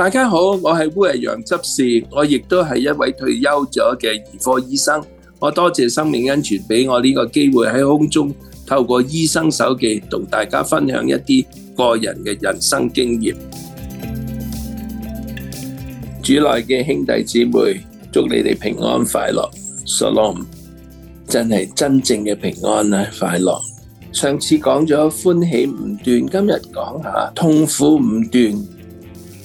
大家好，我係烏羊執事，我亦都係一位退休咗嘅兒科醫生。我多謝生命恩泉俾我呢個機會喺空中透過醫生手記同大家分享一啲個人嘅人生經驗。主內嘅兄弟姊妹，祝你哋平安快樂。Salom，真係真正嘅平安啊，快樂。上次講咗歡喜五端，今日講下痛苦五端。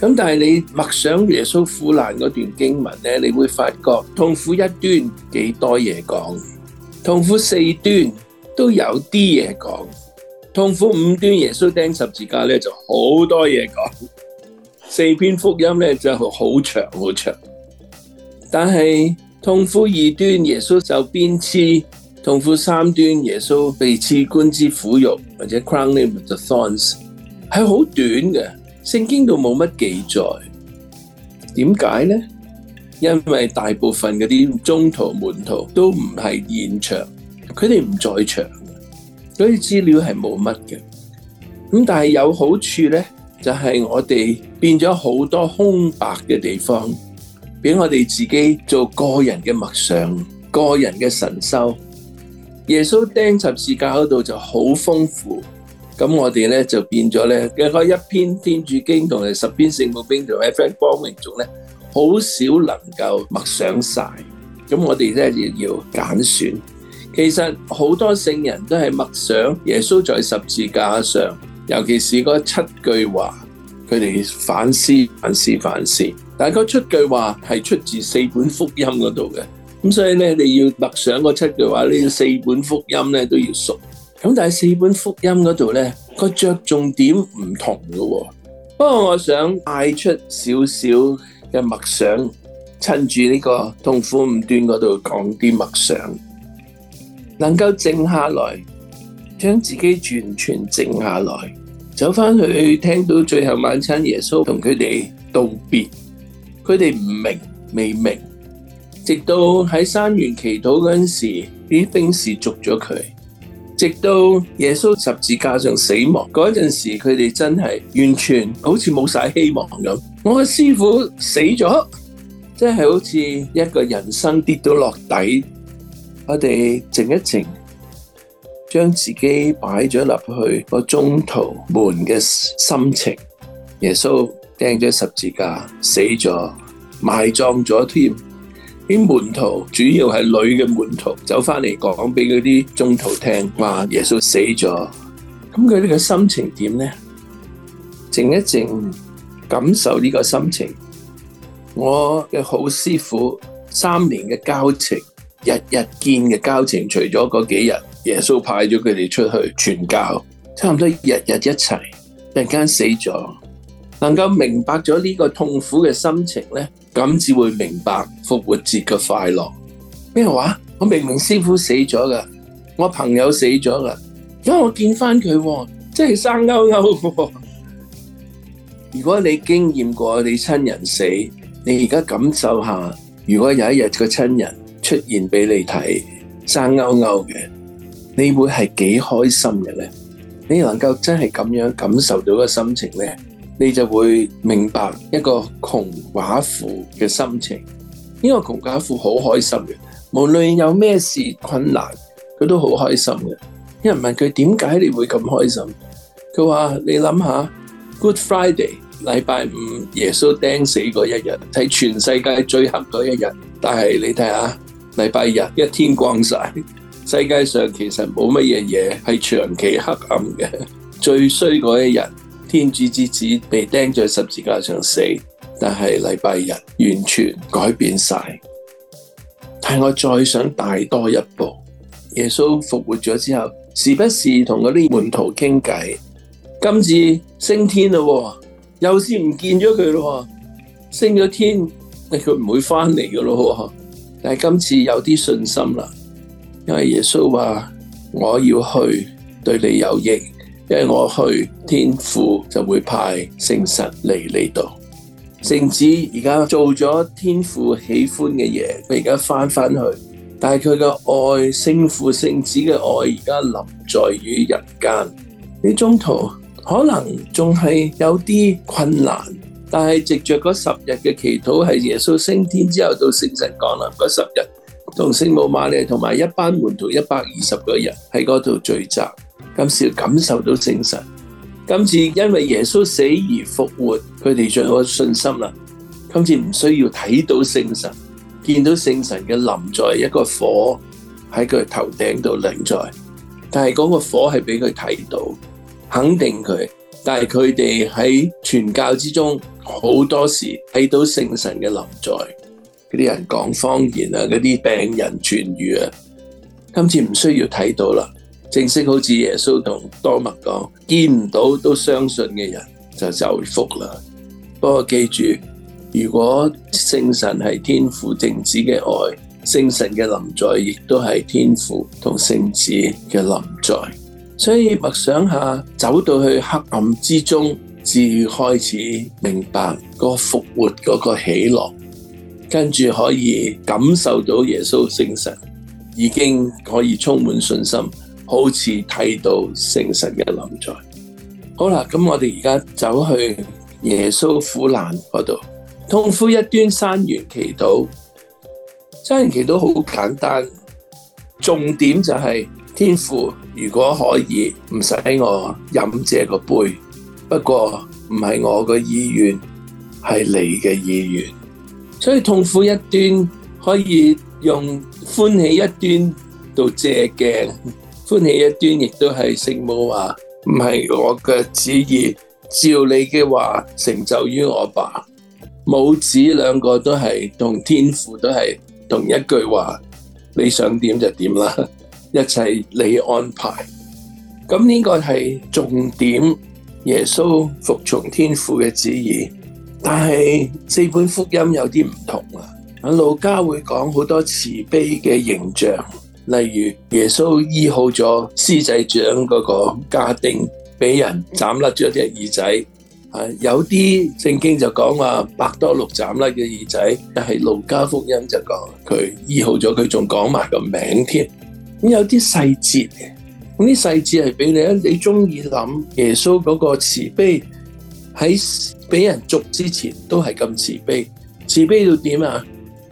咁但係你默想耶穌苦難嗰段經文咧，你會發覺痛苦一端幾多嘢講，痛苦四端都有啲嘢講，痛苦五端耶穌釘十字架咧就好多嘢講，四篇福音咧就好長好長。但係痛苦二端耶穌受鞭笞，痛苦三端耶穌被賜冠之苦辱或者 crown of thorns 係好短嘅。聖經度冇乜記載，點解咧？因為大部分嗰啲宗徒門徒都唔係現場，佢哋唔在場，所以資料係冇乜嘅。咁但係有好處咧，就係、是、我哋變咗好多空白嘅地方，俾我哋自己做個人嘅默想、個人嘅神修。耶穌釘十字架嗰度就好豐富。咁我哋咧就變咗咧，嗰一篇天主經同埋十篇聖母經同 if 光明誦咧，好少能夠默想晒。咁我哋咧亦要揀選，其實好多聖人都係默想耶穌在十字架上，尤其是嗰七句話，佢哋反思、反思、反思。但係嗰七句話係出自四本福音嗰度嘅，咁所以咧你要默想嗰七句話，你四本福音咧都要熟。咁但係四本福音嗰度咧，個着重點唔同喎。不過我想嗌出少少嘅默想，趁住呢個痛苦五端嗰度講啲默想，能夠靜下來，將自己完全靜下來，走翻去聽到最後晚餐，耶穌同佢哋道別，佢哋唔明，未明，直到喺山園祈禱嗰陣時，啲兵士捉咗佢。直到耶穌十字架上死亡嗰陣時，佢哋真係完全好似冇晒希望咁。我嘅師父死咗，真係好似一個人生跌到落底。我哋靜一靜，將自己擺咗入去個宗徒們嘅心情。耶穌釘咗十字架，死咗，埋葬咗。啲門徒主要係女嘅門徒走翻嚟講俾嗰啲宗徒聽，話耶穌死咗。咁佢呢個心情點咧？靜一靜，感受呢個心情。我嘅好師傅三年嘅交情，日日見嘅交情，除咗嗰幾日耶穌派咗佢哋出去傳教，差唔多日日一齊，突然間死咗。能夠明白咗呢個痛苦嘅心情呢，咁至會明白復活節嘅快樂。咩話？我明明師傅死咗噶，我朋友死咗噶，因為我見翻佢真係生勾勾。如果你經驗過你親人死，你而家感受一下，如果有一日個親人出現畀你睇生勾勾嘅，你會係幾開心嘅呢？你能夠真係噉樣感受到個心情呢？你就會明白一個窮寡婦嘅心情。呢個窮寡婦好開心嘅，無論有咩事困難，佢都好開心嘅。有人問佢點解你會咁開心，佢話：你諗下，Good Friday，禮拜五，耶穌釘死嗰一日，係全世界最黑嗰一日。但係你睇下，禮拜日一天光晒，世界上其實冇乜嘢嘢係長期黑暗嘅，最衰嗰一日。天主之子被釘在十字架上死，但係禮拜日完全改變晒。但我再想大多一步，耶穌復活咗之後，時不時同嗰啲門徒傾偈。今次升天嘞，又是唔見咗佢咯，升咗天，佢唔會返嚟噶咯。但係今次有啲信心啦，因為耶穌話我要去對你有益。因為我去天父，就會派聖神嚟呢度，聖子而家做咗天父喜歡嘅嘢，佢而家翻翻去，但係佢嘅愛，聖父聖子嘅愛而家臨在於人間。呢中途可能仲係有啲困難，但係藉着嗰十日嘅祈禱，係耶穌升天之後到聖神降臨嗰十日，同聖母瑪利同埋一班門徒一百二十個人喺嗰度聚集。今次要感受到聖神，今次因為耶穌死而復活，佢哋就有信心啦。今次唔需要睇到聖神，見到聖神嘅臨在，一個火喺佢頭頂度臨在，但係嗰個火係俾佢睇到，肯定佢。但係佢哋喺傳教之中好多時睇到聖神嘅臨在，嗰啲人講方言啊，嗰啲病人痊癒啊，今次唔需要睇到啦。正式好似耶穌同多默講，見唔到都相信嘅人就就福了。不過記住，如果聖神係天父聖子嘅愛，聖神嘅臨在亦都係天父同聖子嘅臨在。所以默想下，走到去黑暗之中，至開始明白嗰個復活嗰個喜樂，跟住可以感受到耶穌聖神，已經可以充滿信心。好似睇到聖神嘅臨在。好啦，咁我哋而家走去耶穌苦難嗰度，痛苦一端山園祈禱。山園祈禱好簡單，重點就係、是、天父，如果可以唔使我飲借個杯，不過唔係我嘅意願，係你嘅意願，所以痛苦一端可以用歡喜一端到借鏡。歡喜一端，亦都係聖母話，唔係我嘅旨意，照你嘅話成就於我吧。母子兩個都係同天父都係同一句話，你想點就點啦，一切你安排。咁呢個係重點，耶穌服從天父嘅旨意。但係四本福音有啲唔同啊，阿路加會講好多慈悲嘅形象。例如耶穌醫好咗司祭長嗰個家丁，俾人斬甩咗隻耳仔。啊，有啲聖經就講話伯多祿斬甩嘅耳仔，但係路加福音就講佢醫好咗，佢仲講埋個名添。咁有啲細節嘅，咁啲細節係俾你啊，你中意諗耶穌嗰個慈悲喺俾人捉之前都係咁慈悲，慈悲到點啊？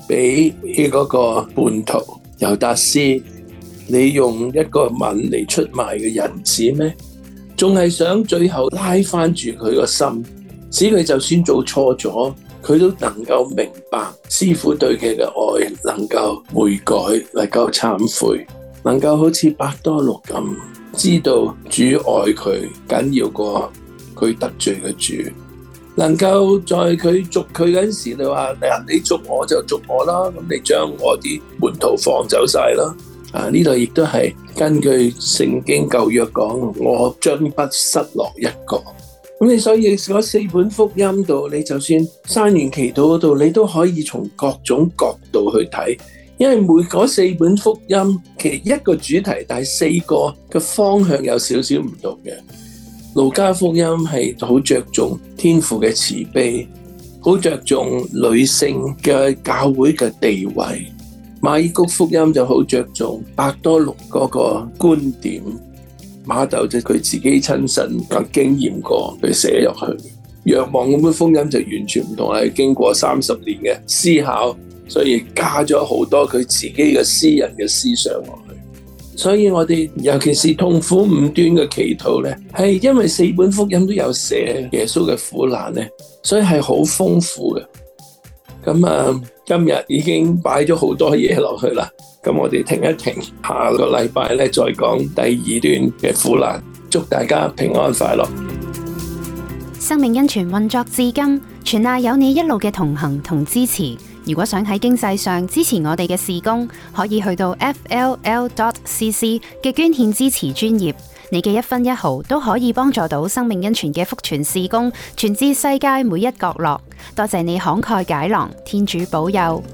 俾佢嗰個叛徒，尤達斯，你用一個吻嚟出賣嘅人子咩？仲係想最後拉返住佢個心，使佢就算做錯咗，佢都能夠明白師父對佢嘅愛，能夠悔改，能夠懺悔，能夠好似伯多祿咁知道主愛佢，緊要過佢得罪嘅主。能夠在佢捉佢嗰時，你話，嗱，你捉我就捉我啦，咁你將我啲門徒放走晒啦。啊，呢度亦都係根據聖經舊約講，我將不失落一個。咁你所以嗰四本福音度，你就算三元祈禱嗰度，你都可以從各種角度去睇，因為每嗰四本福音其一個主題，但係四個嘅方向有少少唔同嘅。路加福音係好着重天父嘅慈悲，好着重女性嘅教會嘅地位。馬爾谷福音就好着重伯多祿嗰個觀點，馬竇就佢自己親身嘅經驗過，佢寫入去。若望咁嘅福音就完全唔同，係經過三十年嘅思考，所以加咗好多佢自己嘅私人嘅思想。所以我哋尤其是痛苦五端嘅祈禱咧，係因為四本福音都有寫耶穌嘅苦難咧，所以係好豐富嘅。咁啊，今日已經擺咗好多嘢落去啦。咁我哋停一停，下個禮拜咧再講第二段嘅苦難。祝大家平安快樂。生命恩泉運作至今，全賴有你一路嘅同行同支持。如果想喺經濟上支持我哋嘅事工，可以去到 fll.cc 嘅捐獻支持專頁，你嘅一分一毫都可以幫助到生命恩泉嘅福傳事工，傳至世界每一角落。多謝你慷慨解囊，天主保佑。